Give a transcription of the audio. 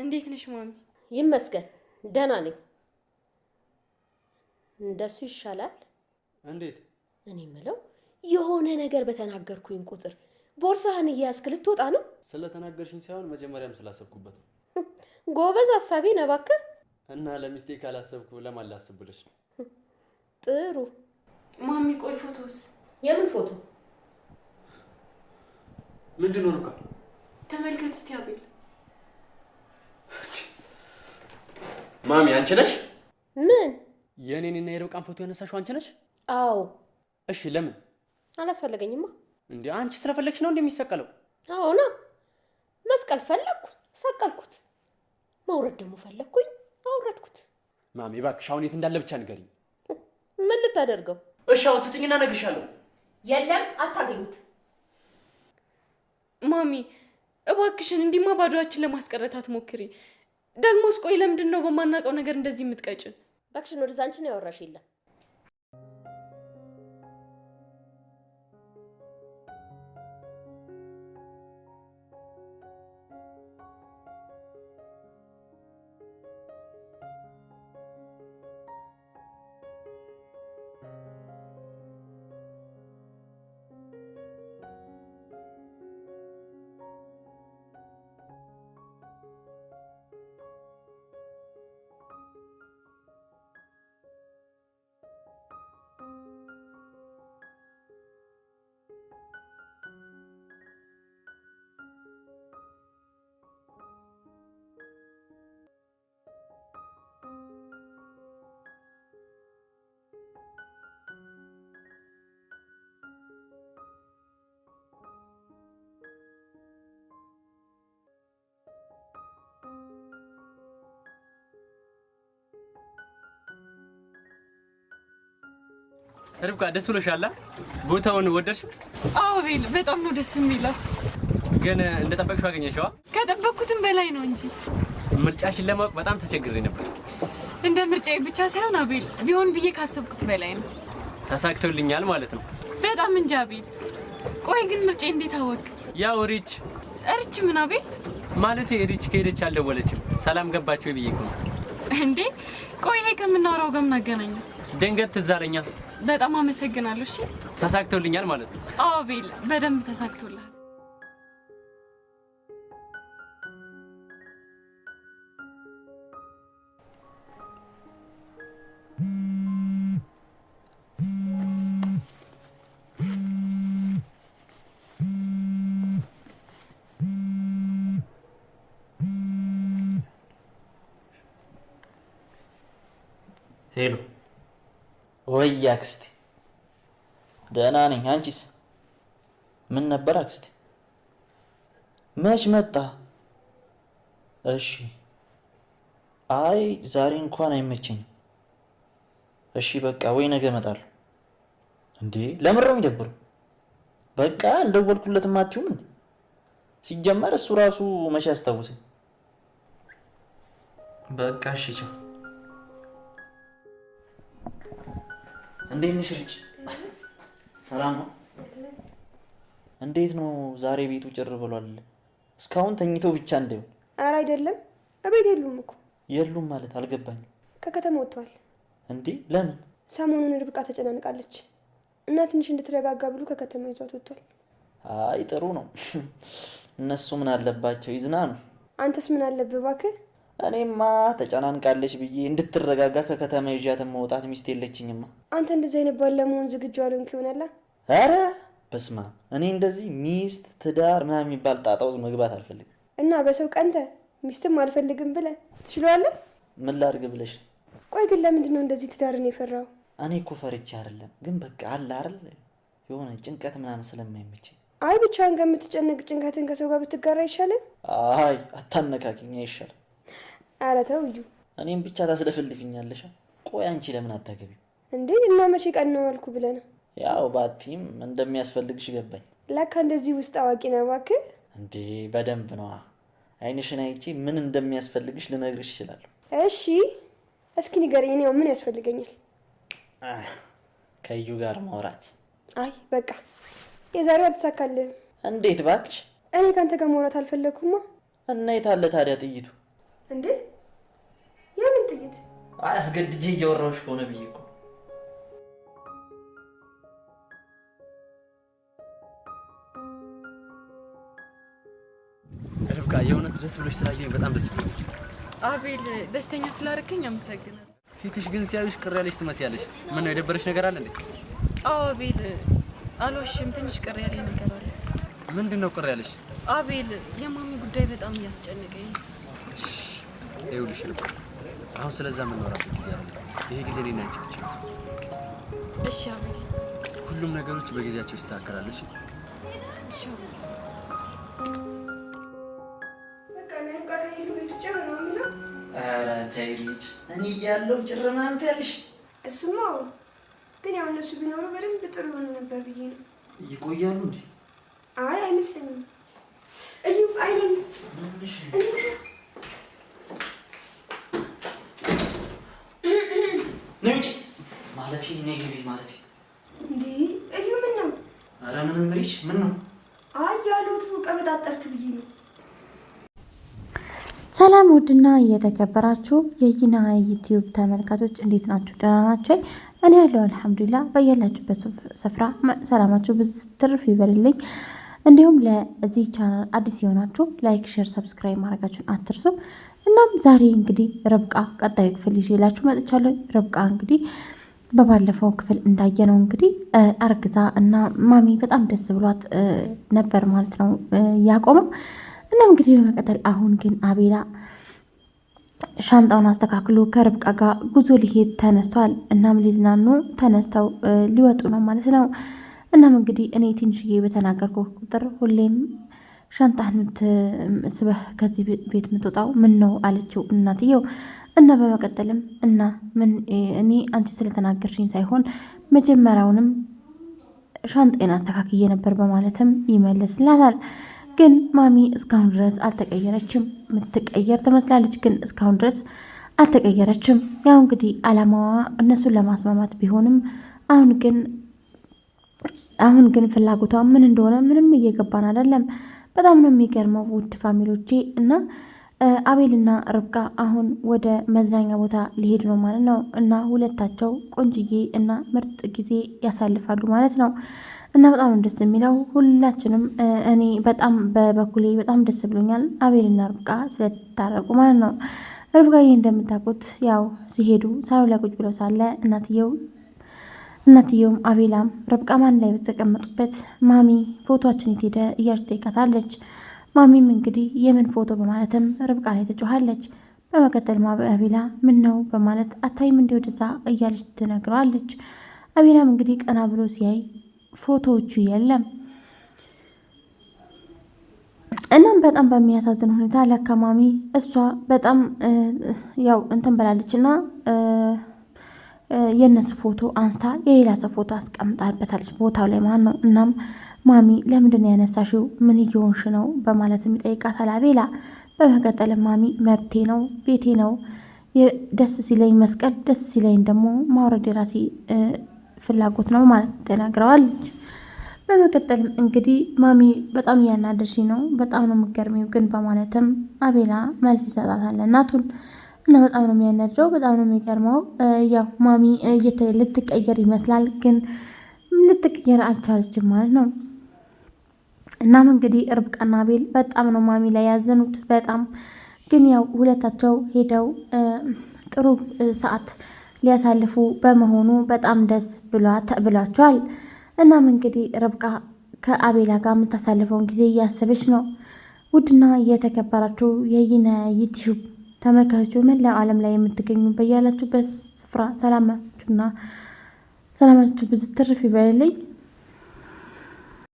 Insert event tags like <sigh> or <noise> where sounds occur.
እንዴት ነሽ ማሚ? ይመስገን ደህና ነኝ። እንደሱ ይሻላል። እንዴት? እኔ ምለው የሆነ ነገር በተናገርኩኝ ቁጥር ቦርሳህን እያያዝክ ልትወጣ ነው? ስለተናገርሽኝ ሳይሆን መጀመሪያም ስላሰብኩበት ነው። <laughs> ጎበዝ ሀሳቢ ነው እባክህ። እና ለሚስቴ ካላሰብኩ ለማን ላስብ ብለሽ ነው? ጥሩ ማሚ፣ ቆይ ፎቶስ? የምን ፎቶ? ምንድን ነው ሩካ? ተመልከት እስቲ አቤል ማሚ አንቺ ነሽ? ምን? የእኔንና የርብቃን ፎቶ ያነሳሽው አንቺ ነሽ? አዎ። እሺ ለምን? አላስፈለገኝማ። እንዲ አንቺ ስለፈለግሽ ነው እንደሚሰቀለው? አዎ መስቀል ፈለግኩ፣ ሰቀልኩት። ማውረድ ደግሞ ፈለግኩኝ፣ አውረድኩት። ማሚ እባክሽ አሁን የት እንዳለ ብቻ ንገሪኝ። ምን ልታደርገው? እሺ አሁን ስጭኝና እነግርሻለሁ። የለም አታገኙት። ማሚ እባክሽን እንዲማ ባዶችን ለማስቀረት አትሞክሪ። ደግሞ ስቆይ ለምንድን ነው በማናውቀው ነገር እንደዚህ የምትቀጭን? እባክሽን ወደዛ አንቺን ያወራሽ የለም ርብቃ ደስ ብሎሻል? ቦታውን ወደድሽው? አዎ ቤል፣ በጣም ነው ደስ የሚለው። ግን እንደጠበቅሽው አገኘሽው? ከጠበቅኩትም በላይ ነው እንጂ። ምርጫሽን ለማወቅ በጣም ተቸግሬ ነበር። እንደ ምርጫዬ ብቻ ሳይሆን አቤል፣ ቢሆን ብዬ ካሰብኩት በላይ ነው። ተሳክቶልኛል ማለት ነው። በጣም እንጂ አቤል። ቆይ ግን ምርጫ እንዴት አወቅ? ያው ሪች ሪች ምን አቤል? ማለት ሪች ከሄደች አልደወለችም። ሰላም ገባችሁ ብዬ ነው እንዴ። ቆይ ይሄ ከምናወራው ጋር ምን አገናኘው? ድንገት ትዝ አለኝ በጣም አመሰግናለሁ። እሺ ተሳክቶልኛል ማለት ነው? አዎ ቤል፣ በደንብ ተሳክቶልሃል። ሄሎ ወይ አክስቴ ደህና ነኝ። አንቺስ ምን ነበር አክስቴ? መች መጣ? እሺ። አይ ዛሬ እንኳን አይመቸኝም። እሺ በቃ ወይ ነገ እመጣለሁ። እንዴ ለምረው የሚደብሩ በቃ አልደወልኩለትም አትይውም እንዴ? ሲጀመር እሱ ራሱ መቼ አስታውሰኝ። በቃ እሺ ቻው። እንዴት ነሽ ልጅ? ሰላም ነው? እንዴት ነው ዛሬ ቤቱ ጭር ብሏል? እስካሁን ተኝቶ ብቻ እንደው። ኧረ አይደለም፣ እቤት የሉም እኮ። የሉም ማለት አልገባኝም። ከከተማ ወጥተዋል። እንዴ ለምን? ሰሞኑን ርብቃ ተጨናንቃለች እና ትንሽ እንድትረጋጋ ብሎ ከከተማ ይዟት ወጥቷል። አይ ጥሩ ነው። <laughs> እነሱ ምን አለባቸው ይዝናኑ። አንተስ ምን አለብህ እባክህ? እኔማ ተጨናንቃለች ብዬ እንድትረጋጋ ከከተማ ይዣትን መውጣት ሚስት የለችኝማ። አንተ እንደዚህ አይነት ባል ለመሆን ዝግጁ አልሆንክ ይሆናላ። አረ በስማ እኔ እንደዚህ ሚስት ትዳር ምናምን የሚባል ጣጣ ውስጥ መግባት አልፈልግም። እና በሰው ቀንተ ሚስትም አልፈልግም ብለ ትችለዋለህ? ምን ላድርግ ብለሽ። ቆይ ግን ለምንድን ነው እንደዚህ ትዳርን የፈራው? እኔ እኮ ፈርቼ አይደለም፣ ግን በቃ አለ አይደል የሆነ ጭንቀት ምናምን ስለማይመቸኝ። አይ ብቻህን ከምትጨነቅ ጭንቀትን ከሰው ጋር ብትጋራ ይሻላል። አይ አታነካኪኝ አይሻልም? ኧረ ተው እዩ። እኔም ብቻ ታስለፈልፍኛለሻ። ቆይ አንቺ ለምን አታገቢም? እንዴ እና መቼ ቀን ነው አልኩ ብለህ ነው? ያው ባቲም እንደሚያስፈልግሽ ገባኝ። ለካ እንደዚህ ውስጥ አዋቂ ነው እባክህ። እንዴ በደንብ ነዋ። አይንሽን አይቼ ምን እንደሚያስፈልግሽ ልነግርሽ ይችላሉ። እሺ እስኪ ንገረኝ፣ እኔው ምን ያስፈልገኛል? ከዩ ጋር ማውራት። አይ በቃ የዛሬው አልተሳካልህም። እንዴት እባክሽ? እኔ ከአንተ ጋር ማውራት አልፈለግኩማ። እና የት አለ ታዲያ ጥይቱ? እንዴ ያንን ጥይት አስገድጄ እያወራሁሽ ከሆነ ብዬ እኮ የእውነት ደስ ብሎች ስላየኝ በጣም ደስ ብሎ አቤል ደስተኛ ስላደረገኝ አመሰግናለሁ። ፊትሽ ግን ሲያዩሽ ቅር ያለሽ ትመስያለሽ። ምን ነው የደበረሽ ነገር አለ እንዴ? አዎ አቤል አልዋሽም፣ ትንሽ ቅር ያለኝ ነገር አለ። ምንድን ነው ቅር ያለሽ? አቤል የማሚ ጉዳይ በጣም እያስጨነቀኝ ነው። ይኸውልሽ ልብ አሁን ስለዛ የምናወራበት ጊዜ አለ። ይሄ ጊዜ እኔና አንቺ ብቻ እሺ አቤል፣ ሁሉም ነገሮች በጊዜያቸው ይስተካከላሉ። እሺ ኧረ ተይ ልጅ፣ እኔ እያለሁ ጭር ማለት ያለሽ። እሱማ ግን ያው እነሱ ቢኖሩ በደንብ ጥሩ ይሆኑ ነበር ብዬ ነው። ይቆያሉ እንዴ? አይ አይመስለኝም። እዩ አይ ነጭ ማለት እኔ ግቢ ማለት እንዴ? እዩ ምን ነው? አረ ምንም ሪች ምን ነው? አይ ያሉት ቀበጣጠርክ ብዬ ነው ሰላም ውድና እየተከበራችሁ የይና ዩቲዩብ ተመልካቾች እንዴት ናችሁ? ደህና ናቸው። እኔ ያለው አልሐምዱሊላ። በያላችሁበት ስፍራ ሰላማችሁ ብዙ ትርፍ ይበልልኝ። እንዲሁም ለዚህ ቻናል አዲስ የሆናችሁ ላይክ፣ ሼር፣ ሰብስክራይብ ማድረጋችሁን አትርሱ። እናም ዛሬ እንግዲህ ርብቃ ቀጣዩ ክፍል ይዤላችሁ መጥቻለሁ። ርብቃ እንግዲህ በባለፈው ክፍል እንዳየነው እንግዲህ አርግዛ እና ማሚ በጣም ደስ ብሏት ነበር ማለት ነው ያቆመው እናም እንግዲህ በመቀጠል አሁን ግን አቤላ ሻንጣውን አስተካክሎ ከርብቃ ጋር ጉዞ ሊሄድ ተነስቷል። እናም ሊዝናኑ ተነስተው ሊወጡ ነው ማለት ነው። እናም እንግዲህ እኔ ትንሽዬ በተናገርኩ ቁጥር ሁሌም ሻንጣህን ስበህ ከዚህ ቤት የምትወጣው ምን ነው አለችው እናትየው። እና በመቀጠልም እና ምን እኔ አንቺ ስለተናገርሽኝ ሳይሆን መጀመሪያውንም ሻንጣዬን አስተካክዬ ነበር በማለትም ይመለስላታል። ግን ማሚ እስካሁን ድረስ አልተቀየረችም። የምትቀየር ትመስላለች፣ ግን እስካሁን ድረስ አልተቀየረችም። ያው እንግዲህ አላማዋ እነሱን ለማስማማት ቢሆንም አሁን ግን አሁን ግን ፍላጎቷ ምን እንደሆነ ምንም እየገባን አይደለም። በጣም ነው የሚገርመው ውድ ፋሚሎቼ እና አቤልና ርብቃ አሁን ወደ መዝናኛ ቦታ ሊሄድ ነው ማለት ነው እና ሁለታቸው ቆንጅዬ እና ምርጥ ጊዜ ያሳልፋሉ ማለት ነው። እና በጣም ደስ የሚለው ሁላችንም እኔ በጣም በበኩሌ በጣም ደስ ብሎኛል። አቤልና ርብቃ ስለታረቁ ማለት ነው። ርብቃዬ እንደምታውቁት ያው ሲሄዱ ሳሎን ላይ ቁጭ ብለው ሳለ እናትየው እናትየውም አቤላም ርብቃ ማን ላይ በተቀመጡበት ማሚ ፎቶችን የት ሄደ እያለች ትጠይቃታለች። ማሚም እንግዲህ የምን ፎቶ በማለትም ርብቃ ላይ ትጮኋለች በመቀጠል አቤላ ምን ነው በማለት አታይም እንዲ ወደዛ እያለች ትነግረዋለች። አቤላም እንግዲህ ቀና ብሎ ሲያይ ፎቶዎቹ የለም። እናም በጣም በሚያሳዝን ሁኔታ ለካ ማሚ እሷ በጣም ያው እንትን ብላለች እና የእነሱ ፎቶ አንስታ የሌላ ሰው ፎቶ አስቀምጣበታለች ቦታው ላይ ማን ነው። እናም ማሚ ለምንድን ያነሳሽው? ምን እየሆንሽ ነው? በማለት የሚጠይቃታል አቤላ። በመቀጠልም ማሚ መብቴ ነው ቤቴ ነው ደስ ሲለኝ መስቀል ደስ ሲለኝ ደግሞ ማውረድ የራሴ ፍላጎት ነው ማለት ተናግረዋለች። በመቀጠልም እንግዲህ ማሚ በጣም እያናደርሽ ነው፣ በጣም ነው የምገርሚው ግን በማለትም አቤላ መልስ ይሰጣታል እናቱን እና በጣም ነው የሚያናድረው፣ በጣም ነው የሚገርመው። ያው ማሚ ልትቀየር ይመስላል ግን ልትቀየር አልቻለችም ማለት ነው። እናም እንግዲህ ርብቃና አቤል በጣም ነው ማሚ ላይ ያዘኑት። በጣም ግን ያው ሁለታቸው ሄደው ጥሩ ሰዓት ሊያሳልፉ በመሆኑ በጣም ደስ ብሏቸዋል። እናም እንግዲህ ርብቃ ከአቤላ ጋር የምታሳልፈውን ጊዜ እያሰበች ነው። ውድና የተከበራችሁ የይነ ዩቲዩብ ተመልካቾች መላው ዓለም ላይ የምትገኙ በያላችሁበት ስፍራ ሰላማችሁና ሰላማችሁ ብዝትርፍ ይበልልኝ።